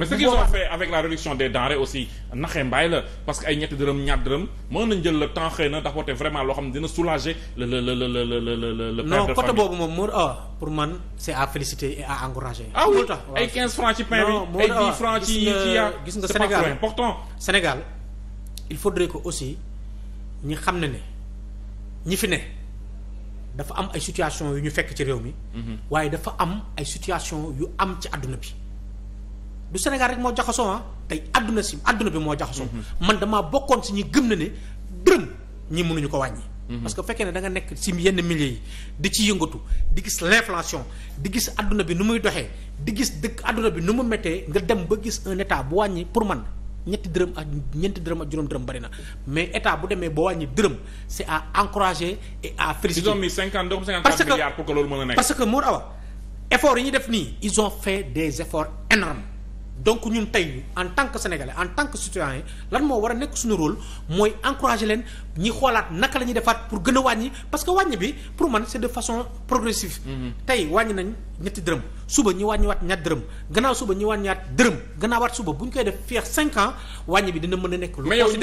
mais ce qu'ils ont fait avec la réduction des denrées aussi naxee mbaay la parce que ay ñetti dërëm ñaar dërëm mën nañ jël le temps xëy na d'apporter vraiment loo xam ne dina soulager le le le le le le le le non côté boobu moom Modou Awa pour man c'est à féliciter et à encourager. ah oui ay 15 francs ci pain bi ay 10 francs ci ci yaa gis nga Sénégal c'est important Sénégal il faudrait que aussi ñi xam ne ne ñi fi ne dafa am ay situation yu ñu fekk ci réew mi mhm. waaye dafa am ay situation yu am ci àdduna bi du Sénégal rek moo jaxasoo ah tey àdduna si àdduna bi moo jaxasoo. man damaa bokkoon si ñi gëm na ne dërëm ñi mënuñu ko wàññi. Mhm. parce que fekkee ne danga nekk si yenn milieu yi di ci yëngatu di gis l'inflation di gis àdduna bi nu muy doxee di gis dëkk àdduna bi nu mu méttee nga dem ba gis un état bu wàññi pour man ñetti dërëm ak ñeenti dërëm ak juróom dërëm bari na mais état bu demee ba wàññi dërëm c'est à encourager et à féliciter. ils ont mis cinquante donc cinquante loolu mën a nekk. parce que Mor Awa effort yi ñu def nii ils ont des efforts énormes donc ñun tey en tant que sénégalais en tant que citoyen lan moo war a nekk suñu role mooy encourager leen ñi xoolaat naka la ñuy defaat pour gën a wàññi parce que wàññi bi pour man c'est de façon progressive. Mm-hmm. tey wàññ nañ ñetti dërëm suba ñi wàññiwaat ñaat dërëm gannaaw suba ñi wàññiwaat dërëm gannaawaat suba bu ñu koy def fii ak 5 ans wàññi bi dina mën a nekk. lu